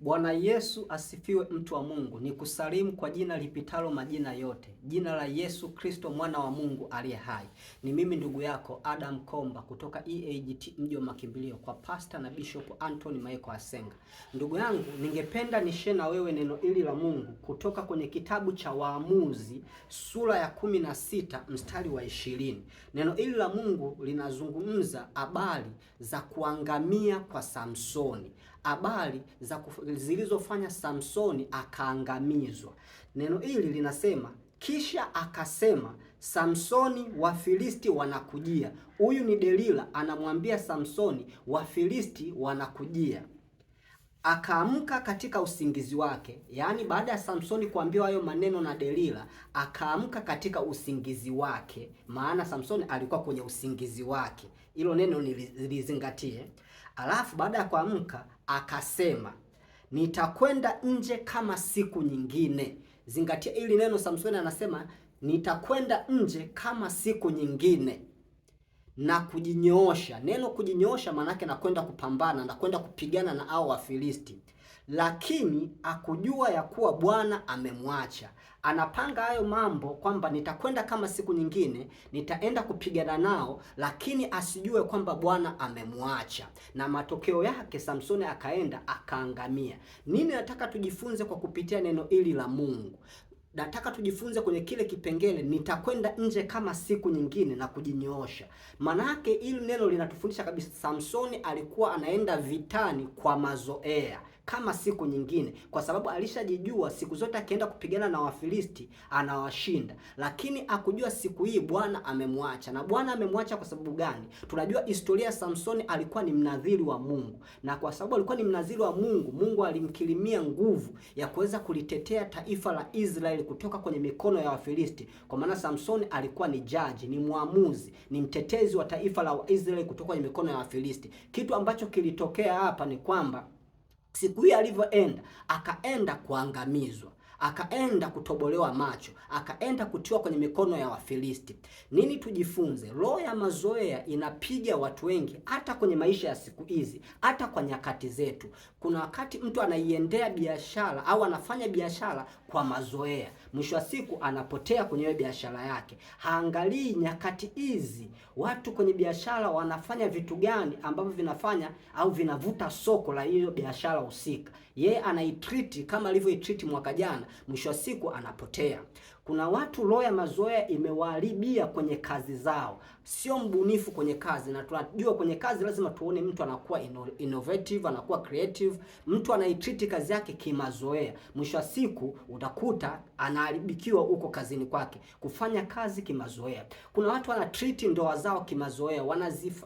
Bwana Yesu asifiwe, mtu wa Mungu. Ni kusalimu kwa jina lipitalo majina yote, jina la Yesu Kristo, mwana wa Mungu aliye hai. Ni mimi ndugu yako Adam Komba kutoka EAGT mji wa Makimbilio, kwa Pastor na Bishop Anthony maeko Asenga. Ndugu yangu, ningependa nishe na wewe neno hili la Mungu kutoka kwenye kitabu cha Waamuzi sura ya kumi na sita mstari wa ishirini. Neno hili la Mungu linazungumza habari za kuangamia kwa Samsoni habari zilizofanya Samsoni akaangamizwa. Neno hili linasema kisha akasema, Samsoni, Wafilisti wanakujia. Huyu ni Delila anamwambia Samsoni, Wafilisti wanakujia. Akaamka katika usingizi wake, yaani baada ya Samsoni kuambiwa hayo maneno na Delila, akaamka katika usingizi wake, maana Samsoni alikuwa kwenye usingizi wake. Hilo neno nilizingatie. Alafu baada ya kuamka akasema, nitakwenda nje kama siku nyingine. Zingatia hili neno, Samsoni anasema nitakwenda nje kama siku nyingine na kujinyoosha. Neno kujinyoosha maanake nakwenda kupambana, nakwenda kupigana na hao Wafilisti lakini akujua ya kuwa Bwana amemwacha. Anapanga hayo mambo kwamba nitakwenda kama siku nyingine, nitaenda kupigana nao, lakini asijue kwamba Bwana amemwacha, na matokeo yake Samsoni akaenda akaangamia. Nini nataka tujifunze kwa kupitia neno hili la Mungu? Nataka tujifunze kwenye kile kipengele, nitakwenda nje kama siku nyingine na kujinyoosha. yake hili neno linatufundisha kabisa, Samsoni alikuwa anaenda vitani kwa mazoea kama siku nyingine, kwa sababu alishajijua siku zote akienda kupigana na Wafilisti anawashinda, lakini akujua siku hii Bwana amemwacha. Na Bwana amemwacha kwa sababu gani? Tunajua historia ya Samsoni, alikuwa ni mnadhiri wa Mungu, na kwa sababu alikuwa ni mnadhiri wa Mungu, Mungu alimkirimia nguvu ya kuweza kulitetea taifa la Israeli kutoka kwenye mikono ya Wafilisti, kwa maana Samsoni alikuwa ni jaji, ni mwamuzi, ni mtetezi wa taifa la Waisraeli kutoka kwenye mikono ya Wafilisti. Kitu ambacho kilitokea hapa ni kwamba siku hiyo alivyoenda akaenda kuangamizwa akaenda kutobolewa macho, akaenda kutiwa kwenye mikono ya Wafilisti. Nini tujifunze? Roho ya mazoea inapiga watu wengi, hata kwenye maisha ya siku hizi, hata kwa nyakati zetu. Kuna wakati mtu anaiendea biashara au anafanya biashara kwa mazoea, mwisho wa siku anapotea kwenye hiyo biashara yake. Haangalii nyakati hizi watu kwenye biashara wanafanya vitu gani ambavyo vinafanya au vinavuta soko la hiyo biashara husika. Yeye anaitreat kama alivyoitreat mwaka jana mwisho wa siku anapotea. Kuna watu roho ya mazoea imewaharibia kwenye kazi zao, sio mbunifu kwenye kazi. Na tunajua kwenye kazi lazima tuone mtu anakuwa innovative, anakuwa creative, mtu anaitreat kazi yake kimazoea. Mwisho wa siku utakuta anaharibikiwa huko kazini kwake, kufanya kazi kimazoea. Kuna watu wanatreat ndoa zao kimazoea,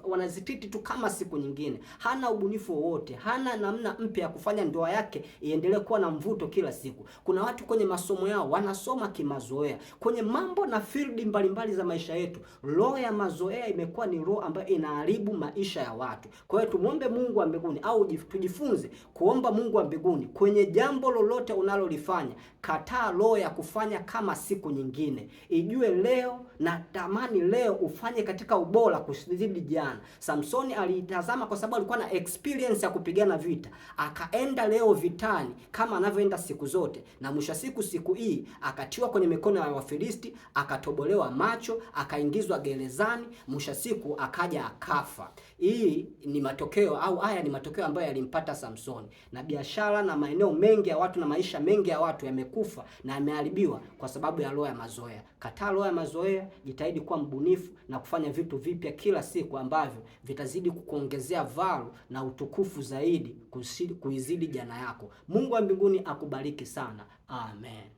wanazitreat tu kama siku nyingine, hana ubunifu wowote, hana namna mpya ya kufanya ndoa yake iendelee kuwa na mvuto kila siku. Kuna watu kwenye masomo yao wanasoma kimazoea mazoea kwenye mambo na field mbalimbali za maisha yetu. Roho ya mazoea imekuwa ni roho ambayo inaharibu maisha ya watu. Kwa hiyo tumwombe Mungu wa mbinguni au tujifunze kuomba Mungu wa mbinguni kwenye jambo lolote unalolifanya. Kataa roho ya kufanya kama siku nyingine, ijue leo na tamani leo ufanye katika ubora kuzidi jana. Samsoni aliitazama kwa sababu alikuwa na experience ya kupigana vita, akaenda leo vitani kama anavyoenda siku zote, na mwisho siku siku hii akatiwa kwenye mikono ya Wafilisti, akatobolewa macho, akaingizwa gerezani, mwisho siku akaja akafa. Hii ni matokeo au haya ni matokeo ambayo yalimpata Samsoni, na biashara na maeneo mengi ya watu na maisha mengi ya watu yamekufa na yameharibiwa kwa sababu ya roho ya mazoea. Kataa roho ya mazoea, jitahidi kuwa mbunifu na kufanya vitu vipya kila siku ambavyo vitazidi kukuongezea valu na utukufu zaidi kuzidi jana yako. Mungu wa mbinguni akubariki sana. Amen.